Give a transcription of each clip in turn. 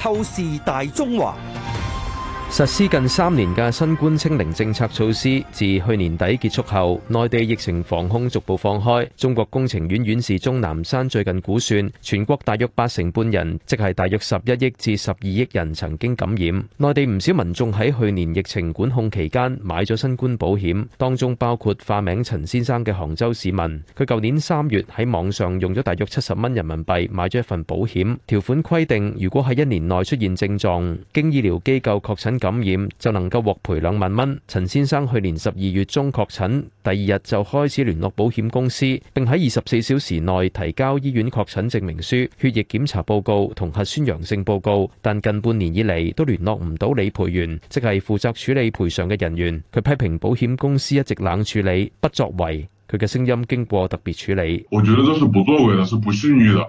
透視大中華。實施近三年嘅新冠清零政策措施，自去年底結束後，內地疫情防控逐步放開。中國工程院院士鐘南山最近估算，全國大約八成半人，即係大約十一億至十二億人曾經感染。內地唔少民眾喺去年疫情管控期間買咗新冠保險，當中包括化名陳先生嘅杭州市民。佢舊年三月喺網上用咗大約七十蚊人民幣買咗一份保險，條款規定，如果喺一年內出現症狀，經醫療機構確診。感染就能夠獲賠兩萬蚊。陳先生去年十二月中確診，第二日就開始聯絡保險公司，並喺二十四小時內提交醫院確診證明書、血液檢查報告同核酸陽性報告。但近半年以嚟都聯絡唔到理賠員，即係負責處理賠償嘅人員。佢批評保險公司一直冷處理、不作為。佢嘅聲音經過特別處理。我覺得這是不作為，係是不信譽的。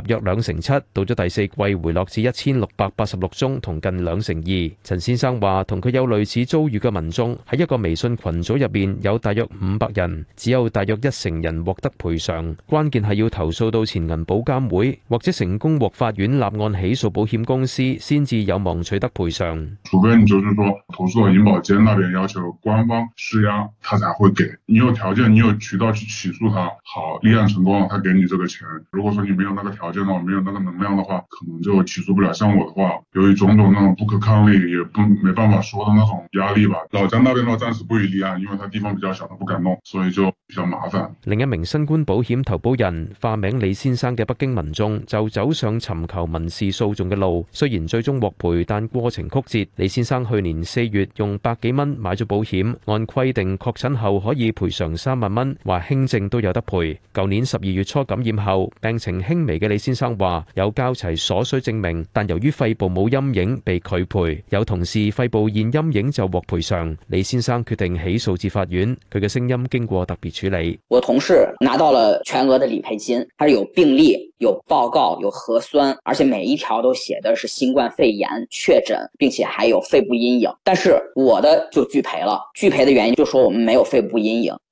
及約兩成七，到咗第四季回落至一千六百八十六宗，同近兩成二。陳先生話，同佢有類似遭遇嘅民眾喺一個微信群組入邊，有大約五百人，只有大約一成人獲得賠償。關鍵係要投訴到前銀保監會，或者成功獲法院立案起訴保險公司，先至有望取得賠償。除非你就是說投訴到銀保那邊，要求官方施壓，他才會給。你有條件，你有渠道去起訴他，好立案成功，他給你這個錢。如果說你沒有那個條件，沒有那個能量的話，可能就起訴不了。像我的話，由於種種那種不可抗力，也不沒辦法說的那種壓力吧。老家那邊的話，暫時不予立案，因為他地方比較小，他不敢弄，所以就比較麻煩。另一名新冠保險投保人化名李先生嘅北京民眾就走上尋求民事訴訟嘅路。雖然最終獲賠，但過程曲折。李先生去年四月用百幾蚊買咗保險，按規定確診後可以賠償三萬蚊，話輕症都有得賠。舊年十二月初感染後，病情輕微嘅李李先生話有交齊所需證明，但由於肺部冇陰影被拒賠，有同事肺部現陰影就獲賠償。李先生決定起訴至法院。佢嘅聲音經過特別處理。我同事拿到了全額的理賠金，他有病歷、有報告、有核酸，而且每一條都寫的是新冠肺炎確診，並且還有肺部陰影。但是我的就拒賠了，拒賠的原因就是說我們沒有肺部陰影。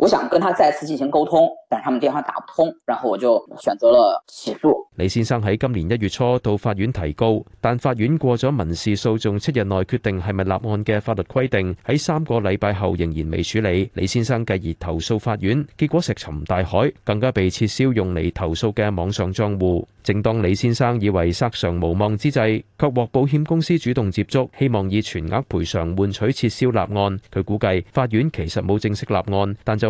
我想跟他再次進行溝通，但係他們電話打不通，然後我就選擇了起訴。李先生喺今年一月初到法院提告，但法院過咗民事訴訟七日內決定係咪立案嘅法律規定，喺三個禮拜後仍然未處理。李先生繼而投訴法院，結果石沉大海，更加被撤銷用嚟投訴嘅網上賬戶。正當李先生以為索償無望之際，卻獲保險公司主動接觸，希望以全額賠償換取撤銷立案。佢估計法院其實冇正式立案，但就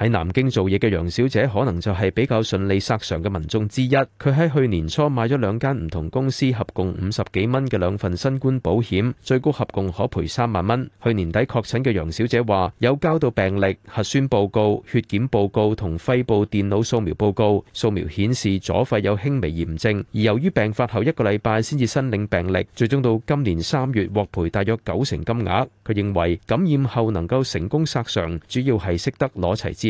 喺南京做嘢嘅楊小姐可能就係比較順利索償嘅民眾之一。佢喺去年初買咗兩間唔同公司合共五十幾蚊嘅兩份新冠保險，最高合共可賠三萬蚊。去年底確診嘅楊小姐話有交到病歷、核酸報告、血檢報告同肺部電腦掃描報告，掃描顯示左肺有輕微炎症。而由於病發後一個禮拜先至申領病歷，最終到今年三月獲賠大約九成金額，佢認為感染後能夠成功索償主要係識得攞齊。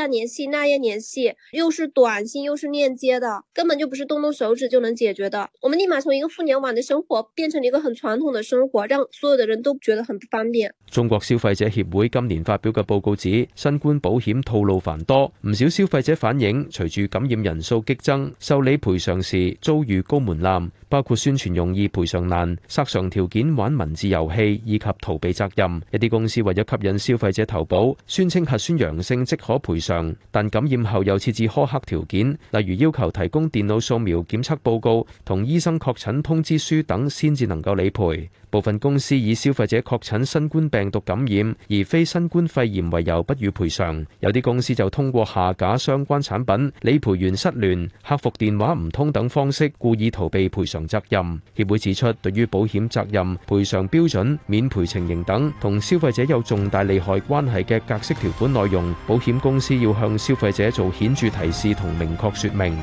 這樣聯繫那樣聯繫，又是短信又是鏈接的，根本就不是動動手指就能解決的。我們立馬從一個互聯網的生活變成了一個很傳統的生活，讓所有的人都覺得很不方便。中國消費者協會今年發表嘅報告指，新冠保險套路繁多，唔少消費者反映，隨住感染人數激增，受理賠償時遭遇高門檻，包括宣傳容易賠償難、設上條件玩文字遊戲以及逃避責任。一啲公司為咗吸引消費者投保，宣稱核酸陽性即可賠償。但感染後又設置苛刻條件，例如要求提供電腦掃描檢測報告、同醫生確診通知書等先至能夠理賠。部分公司以消費者確診新冠病毒感染而非新冠肺炎為由不予賠償。有啲公司就通過下架相關產品、理賠員失聯、客服電話唔通等方式故意逃避賠償責任。協會指出，對於保險責任、賠償標準、免賠情形等同消費者有重大利害關係嘅格式條款內容，保險公司，要向消費者做顯著提示同明確說明。